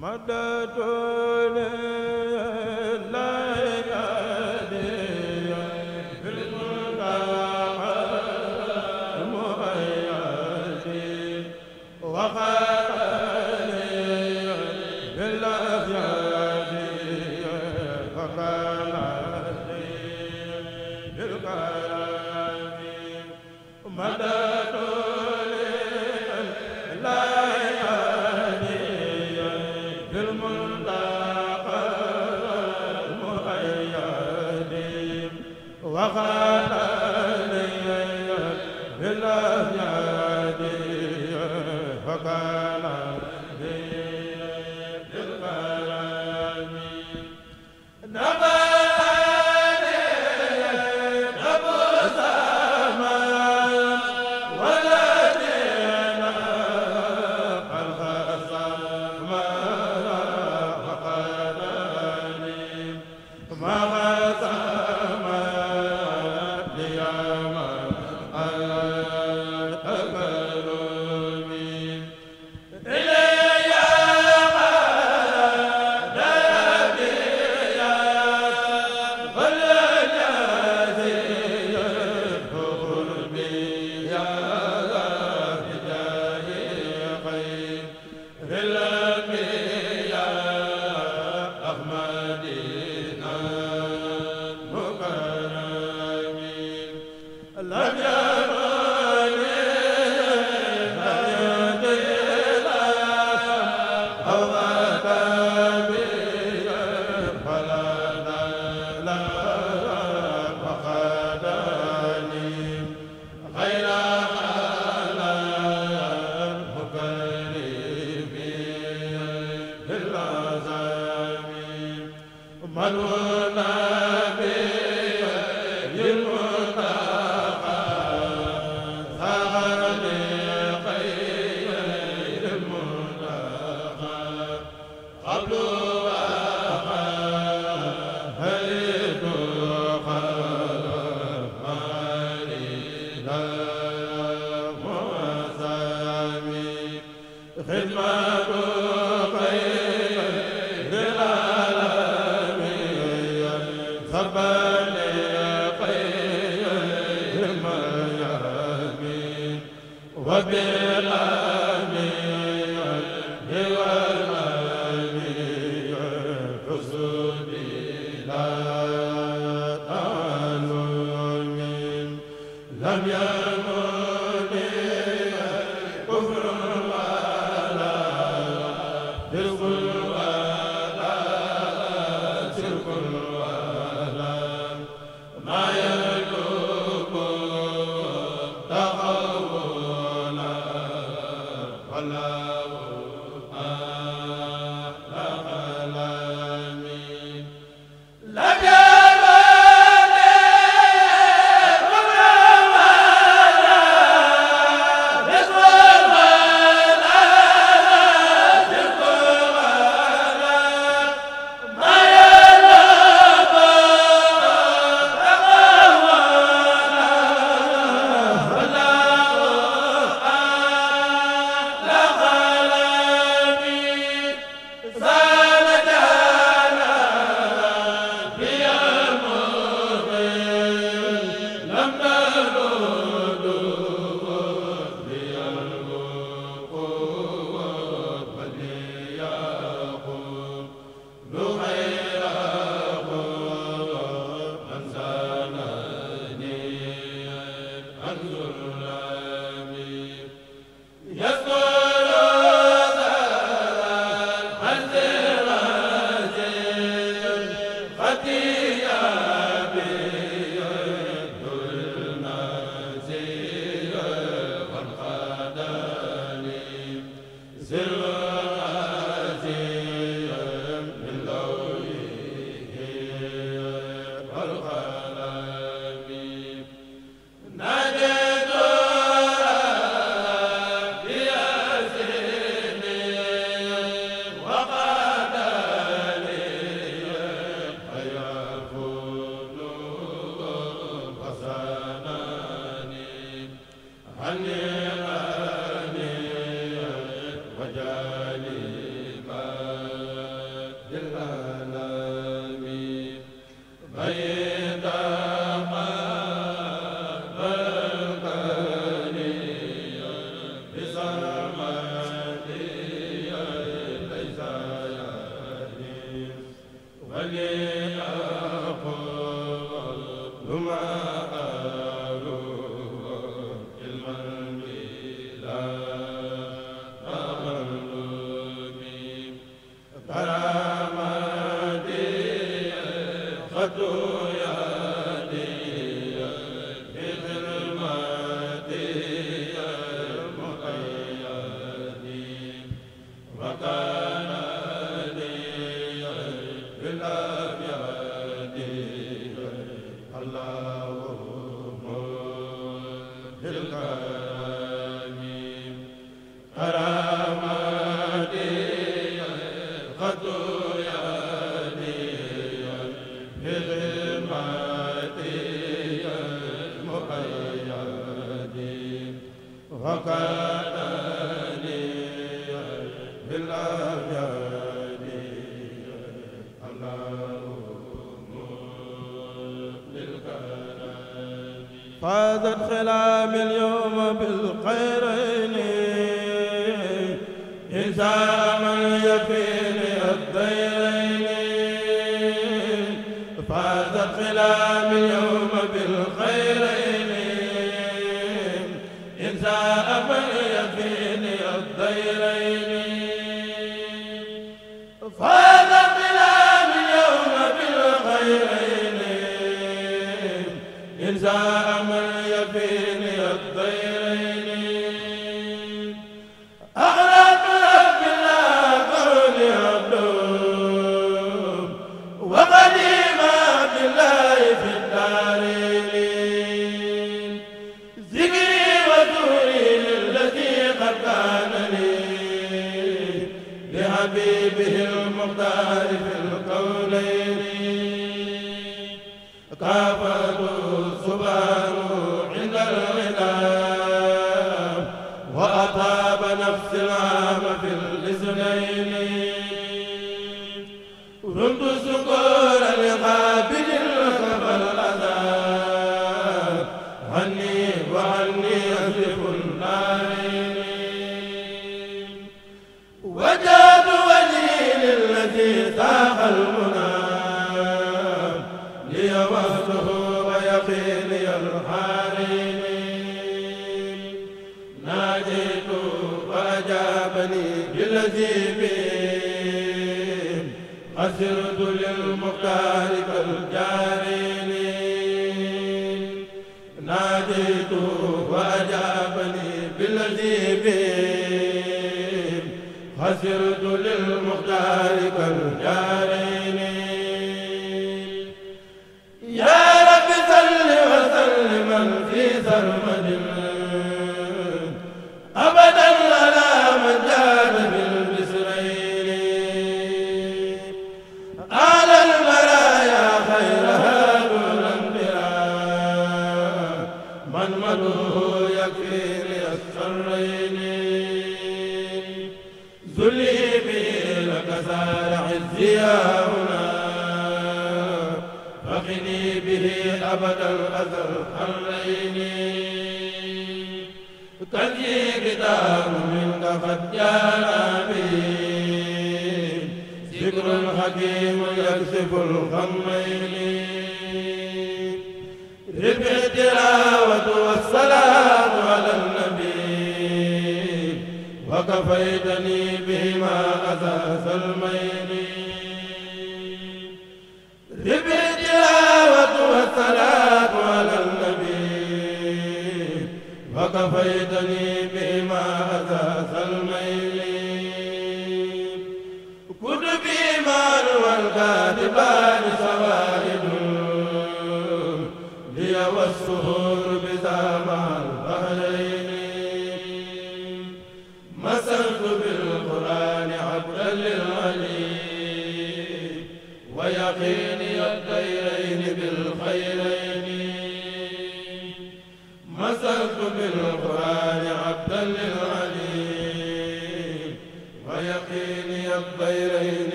madadul به المختار في القولين كافر سبحانه السرد للمختار كالجارين ناديت فأجابني بالذيب خسرت للمختار كالجارين وكفيتني بهما أساس الميل رب التلاوة والصلاة على النبي وكفيتني بهما أساس الميل والبات بان سواد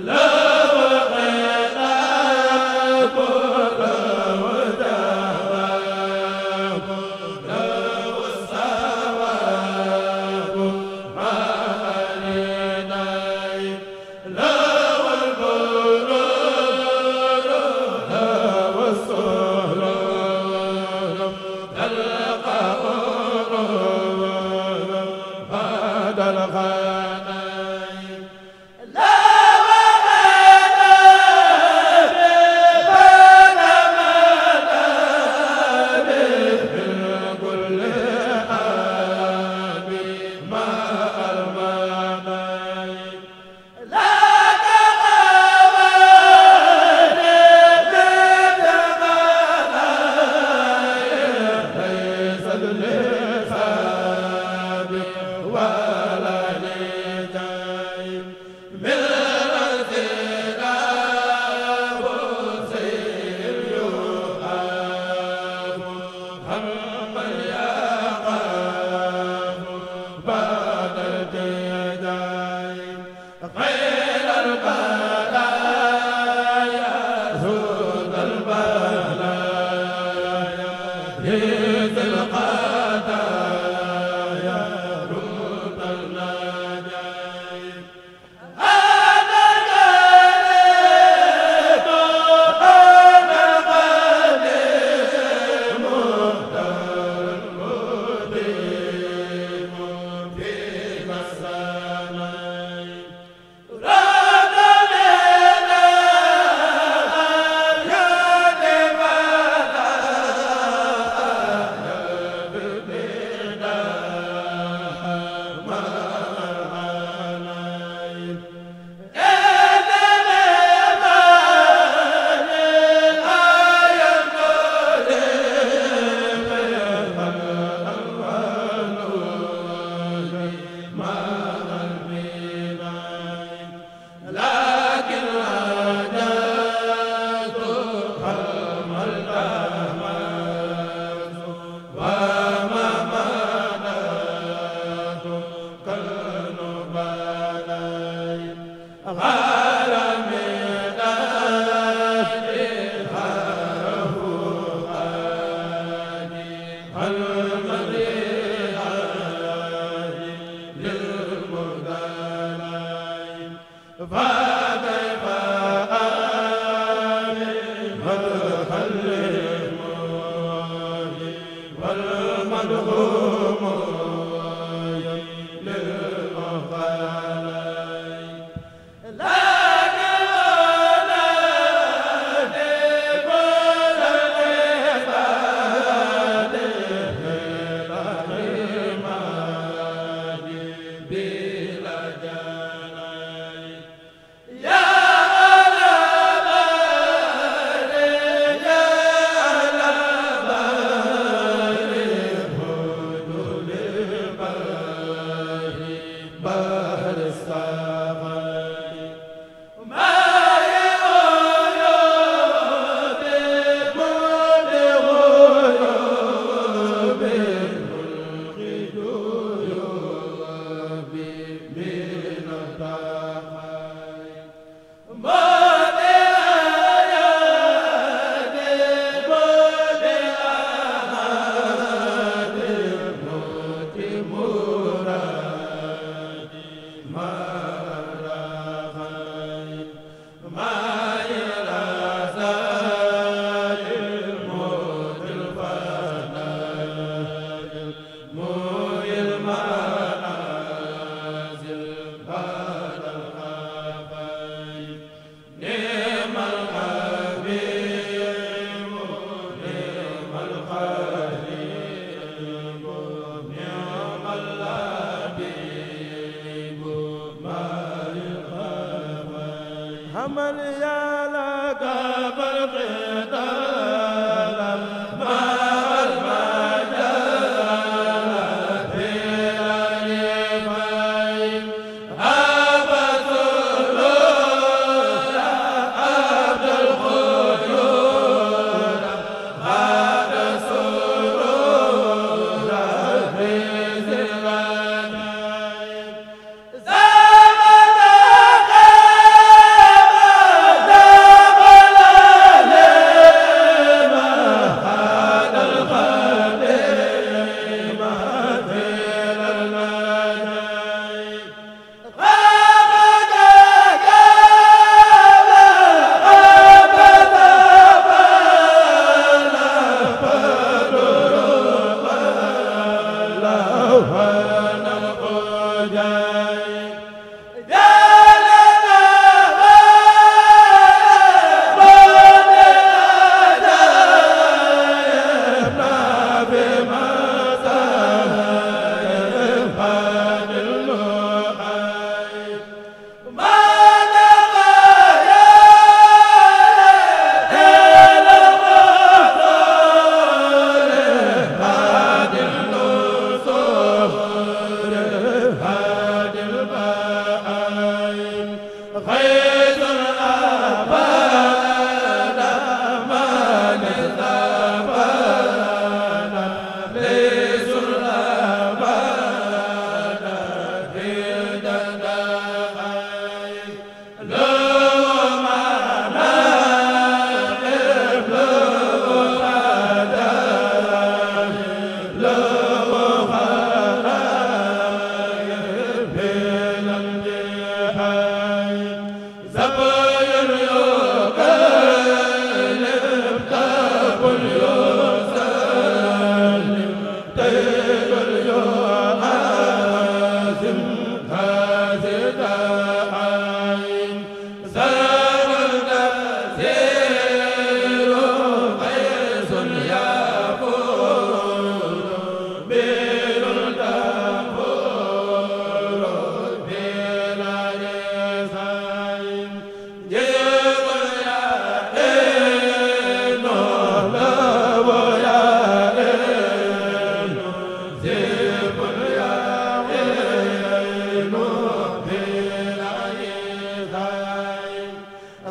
la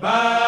ba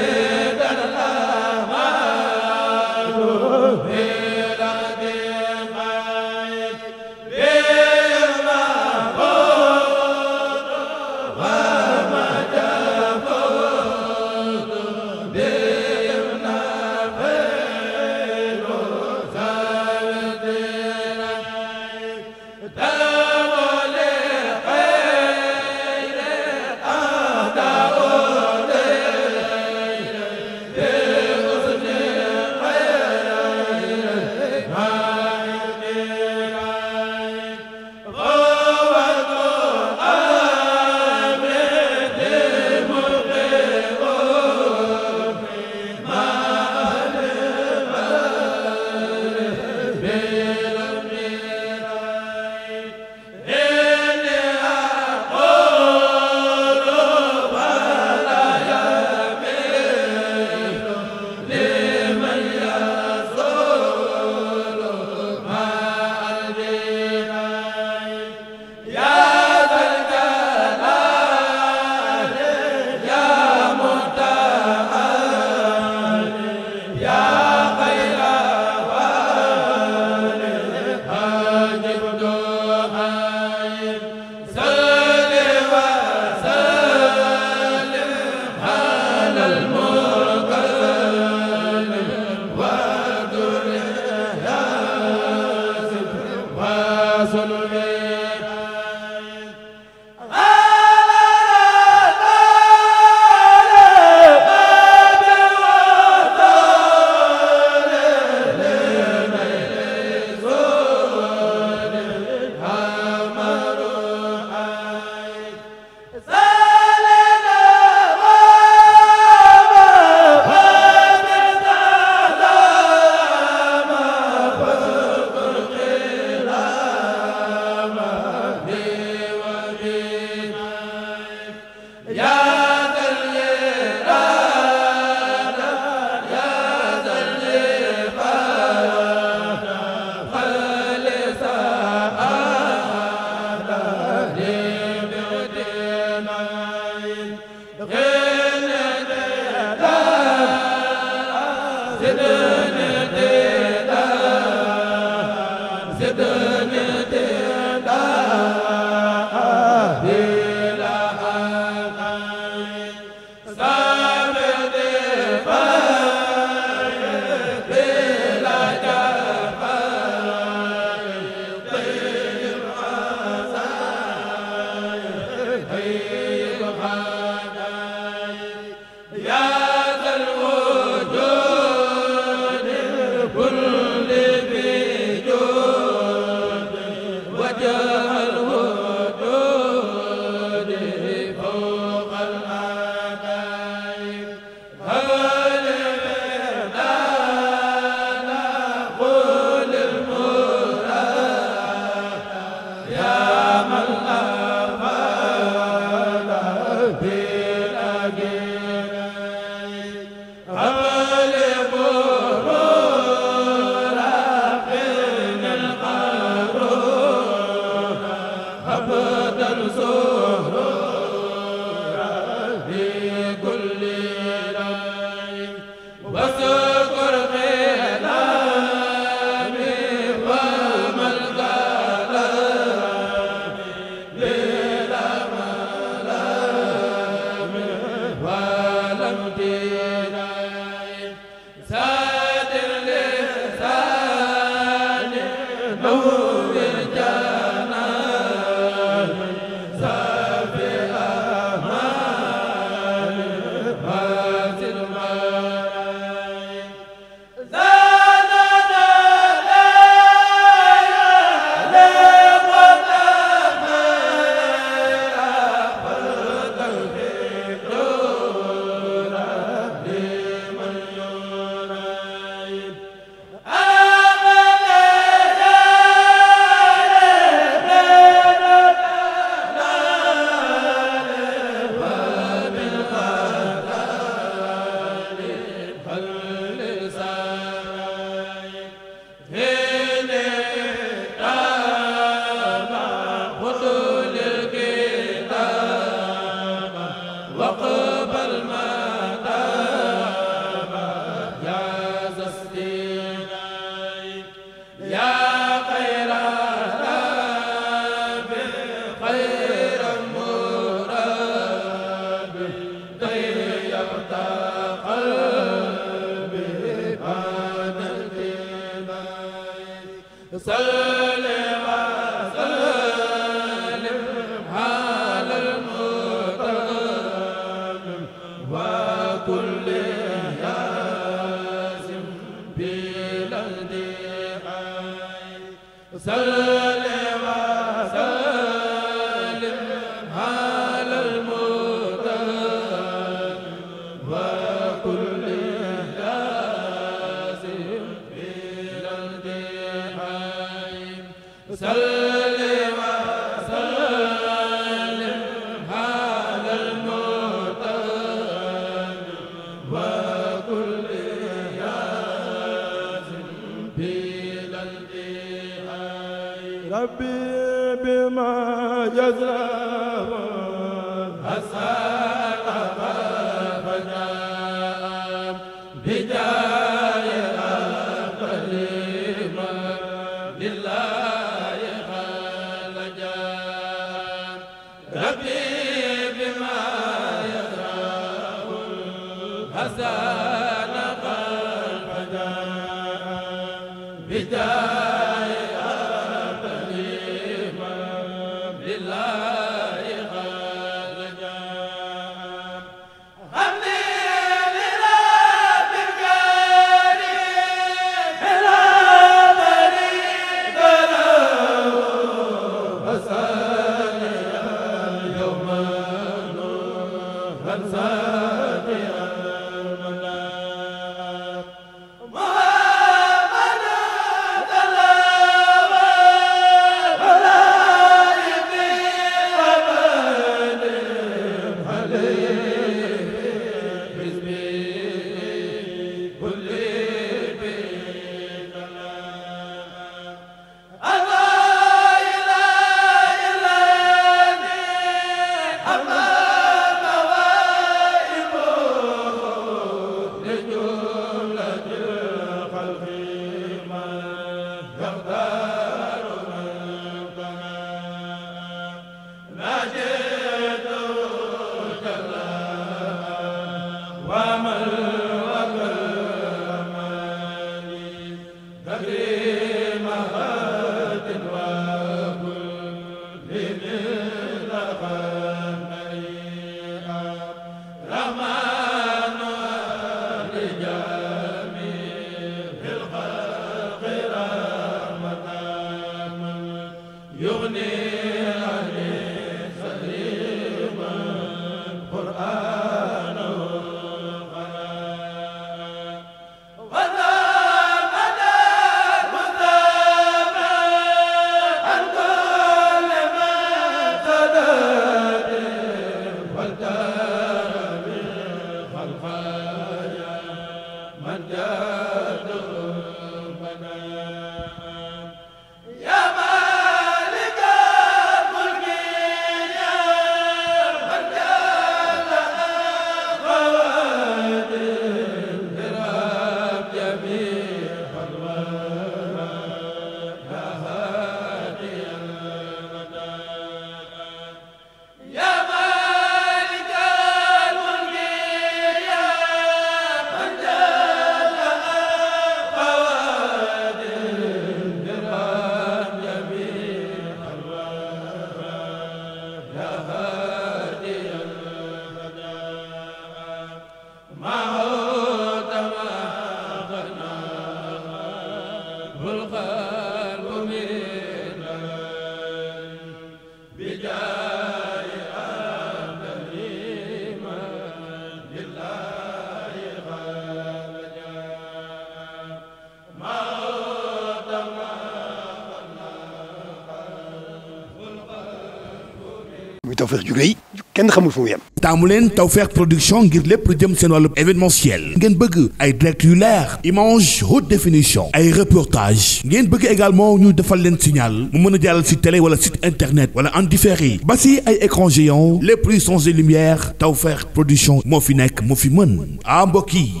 Tawfekh ju rëy kenn xamul fu mu yem. taamu leen Tawfekh production ngir lépp lu jëm seen wàllu événementiel ngeen bëgg ay direct yu leer image haute définition ay reportage ngeen bëgg également ñu defal leen signal mu mën a jàllal si télé wala site internet wala en différé ba si ay écran géant lépp luy changé lumière Tawfekh production moo fi nekk moo fi mën ah mbokk yi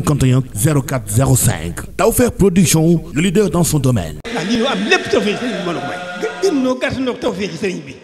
851 04 05 Tawfekh Production le leader dans son domaine. Ah, am lépp tawfeex sëriñ bi mën a may. gën noo gàtt noo tawfeex sëriñ bi.